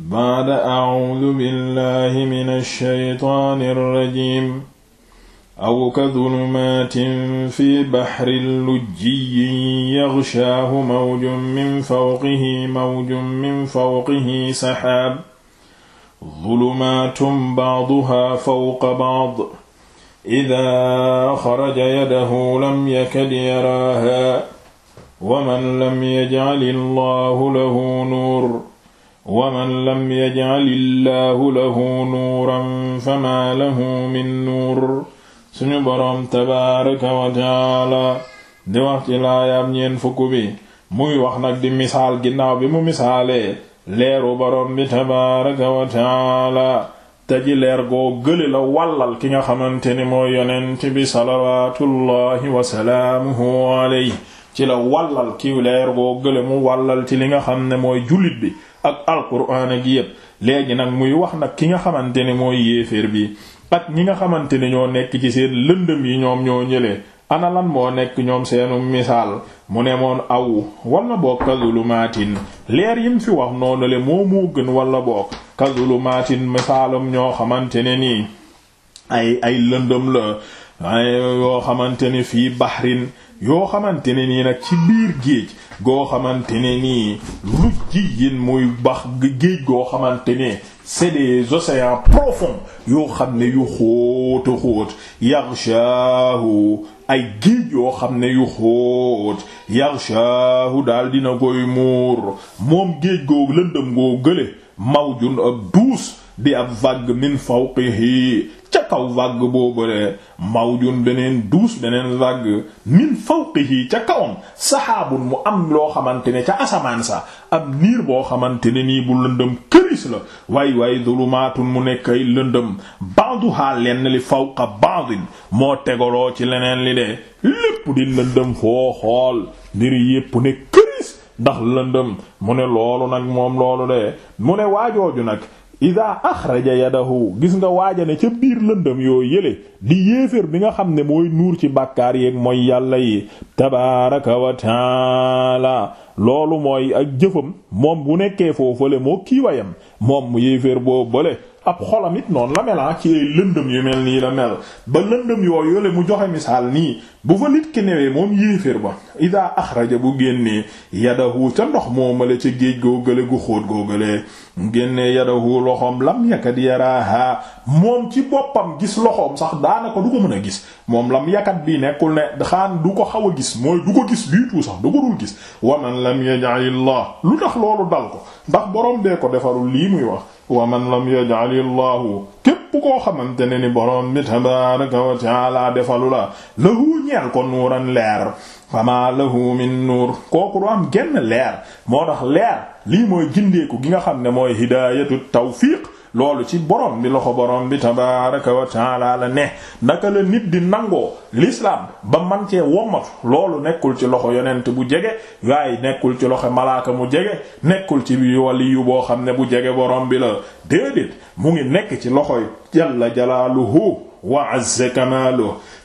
baada acuudu billahi min alsheytaan alrajim aw ka dulumaatin fi baxrin lujjiyin yaxshaahu mawjun min fawqihi mawjun min fawqihi saxaab dulumaatun bacduha fawqa bacd idaa xaraja yadahu lam yakad yaraaha wa man lam yajcal allahu lahu nuur waman lam yajcal illaahu lahu nuuran famaa lahu min nuur suñu boroom tabaaraka wa taala di wax ci laayaam ñeen fukk bi muy wax nag di misaal ginnaaw bi mu misaalee leeru boroom bi tabaaraka wa taala leer goo gële la wàllal ki nga xamante ni mooy yonent bi salawaatullaahi wa ci la wàllal ki leer goo gële mu wàllal ci li nga xam ne mooy julit bi ak alquran ak yépp léegi nag muy wax nag ki nga xamante ne mooy yéeféer bi ak ñi nga xamante ne ñoo nekk ci seen lëndëm yi ñoom ñoo ñëlee ana lan moo nekk ñoom seenu misaal mu ne moon aw wala boog kazulumaatin leer yi yim fi wax noonu le moo moo gën boo boog kazulumaatin misaalam ñoo xamante ne nii ay ay lëndëm la yoo xamante ne fii bahrin yoo xamante ne nii nag ci biir géej goo xamante ne nii lu ji yéen muy bax géej goo xamante ne c'est des océans profonds yoo xam ne yu xóota xóot yaghshahu ay géej yoo xam ne yu xóot yaghshahu daal dina koy muur moom géej goo lëndëm goo gële mawjun ab duus di ab vague min fawqihi kaw vague boobale mawjun beneen duus beneen vague min fawqihi ca kawam saxaabun mu am loo xamante ne ca asamaan sa am niir boo xamante ne nii bu lëndëm këris la waay waay zulumaatun mu nekk ay lëndëm ba'duha lenn li fawqa ba'din moo tegaloo ci leneen li de lépp di lëndëm foo xool niir yépp ne këris ndax lëndëm mu ne loolu nag moom loolu de mu ne waajooju nag ida axraja yadahu gis nga waaja ne ca biir lëndëm yoo yële di yéeféer bi nga xam ne mooy nuur ci bàkkaar yeeg mooy yàlla yi tabaraka wa taala loolu mooy ak jëfam moom bu nekkee foofale moo kiiwayam moom mu yéeféer boo bale ab xolam it noonu la mel ah ci lëndëm yu mel nii la mel ba lëndëm yoo yole mu joxe misaal nii bu fa nit ki newee moom yéeféer ba ida axraja bu génnee yadahu ca ndox moomale ca géej goo gële gu xóot goo gële mu génnee yadahu loxoom lam yakat yaraaha moom ci boppam gis loxoom sax daanaka du ko mën a gis moom lam yakat bii nekkul ne xaan du ko xaw a gis mooy du ko gis du tout sax du ko dul gis waman lam yaj'alillah lu tax loolu dal ko ndax borom bee ko defarul lii muy wax wa man lam yaj'ali llahu képp koo xamante ne ni boroom bi tabaraka wa taala defalu la lahu ñeel ko nuuran leer fama lahu min nuur kooku du am genn leer moo tax leer lii mooy gindeeku gi nga xam ne mooy hidaayatu tawfiq loolu ci borom bi loxo borom bi tabaraka wa taala la ne naka la nit di nangoo lislaam ba man cee wommatu loolu nekkul ci loxo yonent bu jege waaye nekkul ci loxo malaaka mu jege nekkul ci waliyu boo xam ne bu jege borom bi la déedéet mu ngi nekk ci loxo loxoy jalla jalaaluhu wa azza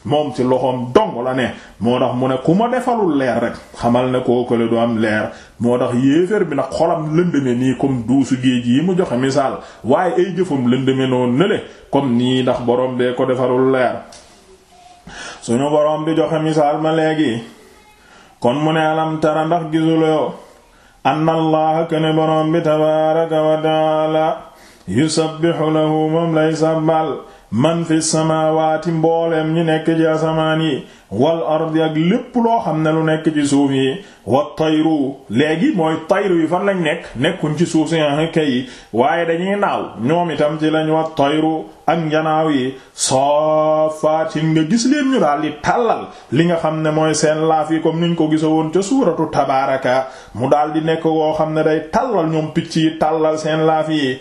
moom ci loxoom dong la ne moo tax mu ne ku ma defarul leer rek xamal ne ko la du am leer moo tax yéeféer bi nag xolam lëndëme nii comme mu joxe misaal waaye ay jëfam lëndëme noonu nële comme nii ndax boroom bee ko defarul leer suñu borom bi joxe misaal ma léegi kon mu ne alam ndax gisuloo anna allaha kene borom bi tabaaraka wa taala yusabbihu lahu moom lay sàbbal man fi samaawaati mbooleem ñi nekk ci asamaan yi wal ardi ak lépp loo xam ne lu nekk ci suuf yi wa tayru léegi mooy tayru yi fan lañu nekk nekkuñ ci suuf si ah, yi waaye dañuy naaw ñoom itam ci lañu wa tayru ak njanaaw yi saafaatin nga gis leen ñu daal tàllal li nga xam ne mooy seen laaf yi comme niñ ko gisa woon ca suuratu tabaaraka mu daal di nekk woo xam ne day tàllal ñoom picc yi tàllal seen laaf yi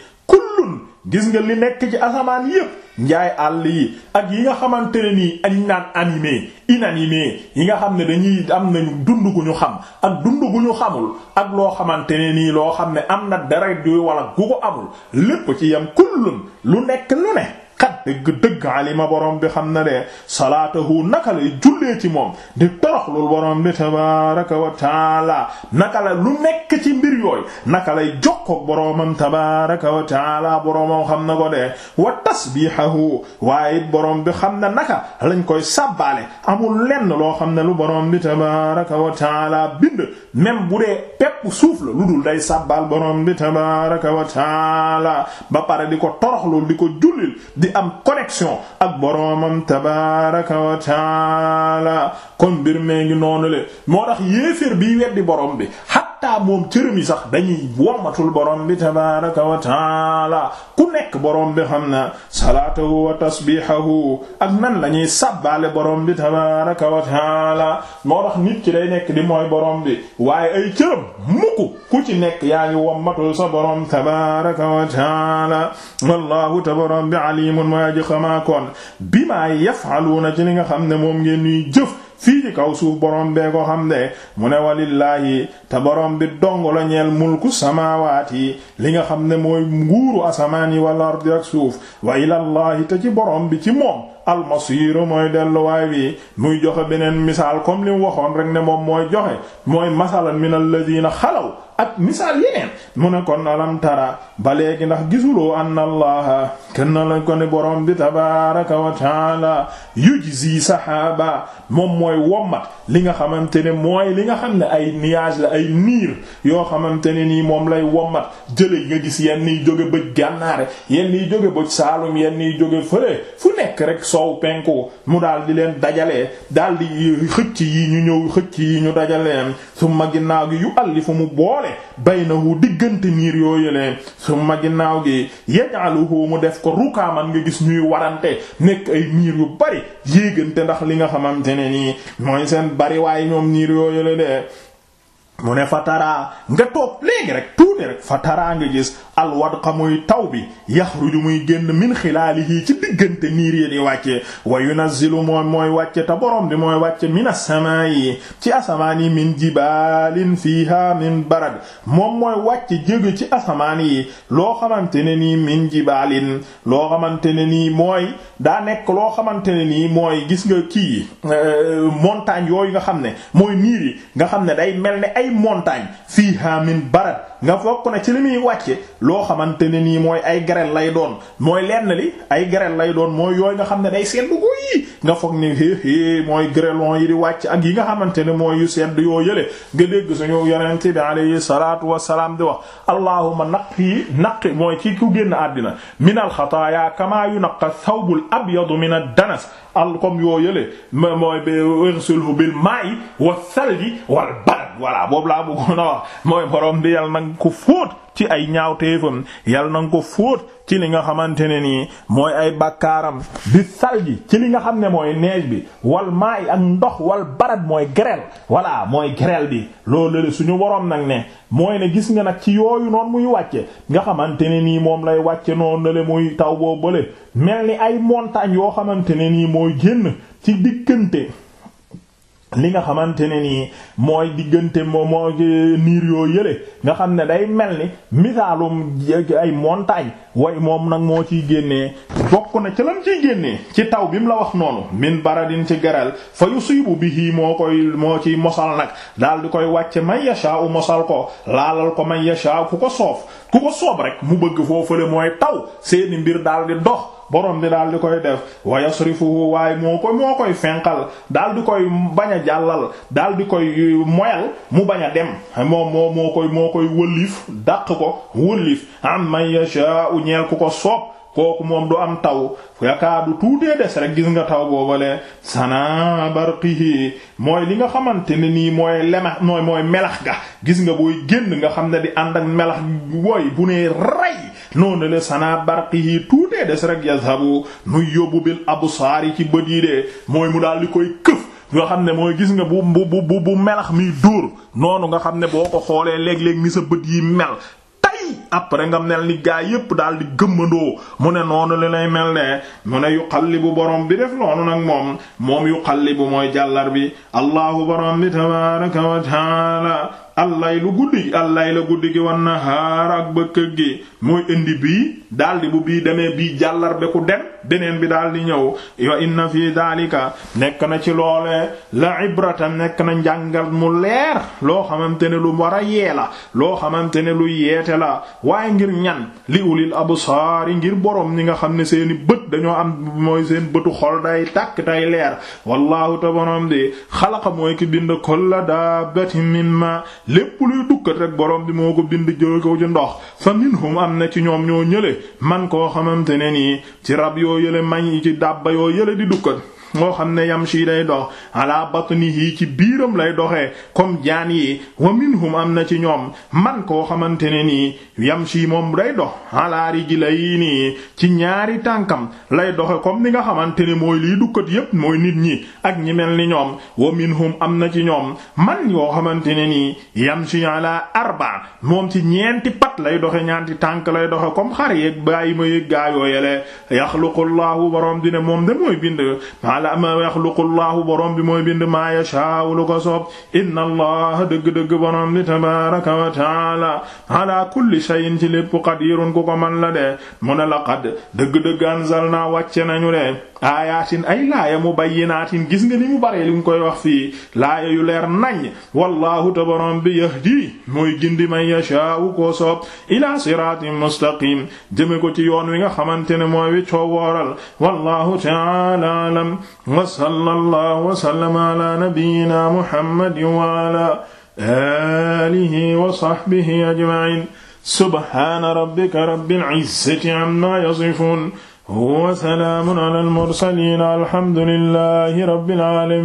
gis nga li nekk ci asamaan yépp njaay àll yi ak yi nga xamante ne nii añ naan animé inanimé yi nga xam ne dañuy am nañu dund gu ñu xam ak dund gu ñu xamul ak loo xamante ne nii loo xam ne am na dara yu wala gu ko amul lépp ci yam kullum lu nekk lu ne dëgg-dëgg alima borom bi xam na salaata salaatahu naka lay jullee ci moom di toroxlul borom bi tabaraka wa taala naka la lu nekk ci mbir yooyu naka lay jokkoog boromam tabaraka wa taala boromam xam na ko wa tasbihahu waaye borom bi xam na naka lañ koy sàbbaale amul lenn loo xam ne lu borom bi tabaraka wa taala bind même bu dee pepp suuf la lu dul day sàbbaal borom bi tabaraka wa taala ba pare di ko toroxlul di ko jullil di am am connexion ak boroomam tabaaraka wa taala kon mbir mee ngi noonu le moo tax yéeféer biy borom bi xatta moom cërëm yi sax dañuy wommatul borom bi tabaraka wa taala ku nekk borom bi xam na salaatahu wa tasbihahu ak nan la ñuy sàbbaale borom bi tabaraka wa taala moo nit ki day nekk di mooy borom bi waaye ay cërëm mukk ku ci nekk yaa ngi wommatul sa borom tabaraka wa taala wallahu tabaram bi alimun mooy aji xamaa kon bima yaf'aluna ci li nga xam ne moom ngeen ñuy jëf fii ci kaw suuf borom bee ko xam de mu ne walillaahi te borom bi dong la ñeel mulku samaawaat yi li nga xam ne mooy nguuru asamaan yi wal ardi ak suuf wa ilallaahi te ci borom bi ci moom almasiiru mooy delluwaay bi muy joxe beneen misaal comme li mu waxoon rek ne moom mooy joxe mooy masalan min alladina xalaw ak misaal mu ne kon alam ba léegi ndax gisuloo anna allaha kenn la ko ni borom bi tabaraka wa taala yujzi sahaaba moom mooy wommat li nga xamante ne mooy li nga xam ne ay nuage la ay niir yoo xamante ne nii moom lay wommat jële nga gis yenn yi jóge bëj gànnaare yenn yi jóge bëj saalum yenn jóge fële fu nekk rek sow penku mu daal di leen dajalee daal di xëcc yi ñu ñëw xëcc yi ñu dajalee su ginnaaw gi yu allifu mu boole wu diggante niir yooyu leen summa ginnaaw gi yaj'aluhu mu def ko rukaaman nga gis ñuy warante nekk ay niir yu bari yéegante ndax li nga xamante ne nii mooy seen bari waaye ñoom niir yooyu la de mu ne Fatara nga toog léegi rek tuuti rek Fatara nga gis. alwadqa muy taw bi yaxruju muy génn min xilaalihi ci diggante niir yi di wàcce wa yunazzilu moom mooy wàcce te borom bi mooy wàcce min as yi ci asamaan yi min jibaalin fiiha min barad moom mooy wàcce jégu ci asamaan yi loo xamante ne nii min jibaalin loo xamante ne nii mooy daa nekk loo xamante ne nii mooy gis nga kii euh, montagne yooyu nga xam ne mooy niir yi nga xam ne day mel ne ay montagne fiiha min barad nga fokk na ci li muy wàcce loo xamante ne nii mooy ay grêle lay doon mooy lenn li ay grêle lay doon mooy yooyu nga xam ne day sedd ko yi nga foog ne éé mooy grêlon yi di wàcc ak yi nga xamante ne mooy yu sedd yoo yële nga dégg suñu yonente bi alayhi salatu wasalaam di wax allahumma naqi naqi mooy ci génn àddina min al xataaya kama yunqa thawbul abyadu min ad danas al comme yoo yële mooy b irsulhu bil ma'i wa thalji wal barad voilà boobu laa bëggoon a wax mooy borom bi yàlla nag ko fóot ci ay ñaawteefam yal na nga ko fóot ci li nga xamante ne nii mooy ay bakkaaram bi salji ci li nga xam ne mooy neej bi wal maay ak ndox wal barad mooy grêle voilà mooy grêle bi loolu la suñu woroom nag ne mooy ne gis nga nag ci yooyu noonu muy wàcce nga xamante ne nii moom lay wàcce noonu la muy taw boo bële mel ni ay montagne yoo xamante ne nii mooy génn ci diggante li nga xamante ne nii mooy diggante moo moo niir yoo yële nga xam ne day mel ni misaalum ay montagne way moom nag moo ciy génnee bokk na ca lam ciy génnee ci taw bi mu la wax noonu min baradin ci gareel fa yusibu bihi moo koy moo ciy mosal nag daal di koy wàcce man yasha'u mosal ko laalal ko may yasha'u ku ko soof ku ko soob rek mu bëgg foofale mooy taw seeni mbir daal di dox borom bi daal di koy def wa yasrifuhu waaye moo ko moo koy fenqal daal di koy bañ a jàllal daal di koy moyal mu bañ a dem moom moo moo koy moo koy wëllif dàq ko wëllif am man yasha'u ñeel ko soob kooku moom du am taw du tuutee des rek gis nga taw boobale sana barqihi mooy li nga xamante ne nii mooy lemax mooy mooy melax ga gis nga booy génn nga xam ne di ànd ak melax wooy bu nee rey noonu le sanaa barqihi tuutee des rek yazhabu nuy yóbbu bil absaar yi ci bët yi de mooy mu daal di koy këf yoo xam ne mooy gis nga bu bu bu melax miy dóor noonu nga xam ne boo ko xoolee léeg-léeg ni sa bët yi mel tay après nga mel ni gaa yépp daal di gëmmandoo mu ne noonu li mel ne mu ne yuqallibu borom bi def loonu nag moom moom yuqallibu mooy jàllar bi allahu borom bi tabaaraka wa taala allay lu guddi allay la guddi gi wan na xaar ak bëkkëg gi mooy indi bii daldi bu bii demee bii jàllar be ku dem beneen bi daldi ñëw wa inna fi daalika nekk na ci loolee la ibrata nekk na njàngal mu leer loo xamante ne lu war a yee la loo xamante ne lu yeete la waaye ngir ñan li ulil absaar yi ngir borom ñi nga xam ne seeni bët dañoo am mooy seen bëtu xol day tàkk day leer wallahu te borom bi xalaqa mooy ki bind kulla daabbatin mimma lépp luy dukkat rek borom bi moo ko bind jël ko ci ndox fa minhum am na ci ñoom ñoo ñële man koo xamante ne nii ci rab yoo yële mañ yi ci dabba yoo yële di dukkat moo xam ne yamshi day dox ala batnihi ci biiram lay doxee comme jaan yi wa minhum am na ci ñoom man koo xamante ne nii yamshi moom day dox ala nii ci ñaari tànkam lay doxe comme ni nga xamante ne mooy liy dukkat yépp mooy nit ñi ak ñi mel ni ñoom wa minhum am na ci ñoom man yoo xamante ne nii yamshi ala arba moom ci ñeenti pat lay doxe ñaanti tànk lay doxe comme xar yeeg bàyyi ma yëg gaayoo yele yaxluqullahu di dina moom de mooy bind ala ma yaxluqu llaahu borom bi mooy bind maa yashaa'u lu ko soob inna allaha dëgg-dëgg borom bi tabaaraka wa taala ala kulli shay'in ci lépp qadirun ku ko man la de mu la laqad dëgg-dëgg anzalna wàcce nañu de aayaatin ay laaya mubayyinaatin gis nga ni mu bare li mu koy wax fii laaya yu leer nañ wallahu te borom bi yahdi mooy gindi may yashaa'u koo soob ila siraatin mustaqim jëme ko ci yoon wi nga xamante ne mooy wi coow wooral ta'ala alam wa sallallahu wa sallama ala nabiyyina muhammadin wa ala alihi wa sahbihi ajma'in subhana rabbika rabbil izzati amma yasifun wa salaamun ala al mursalin alhamdulillahi rabbil alamin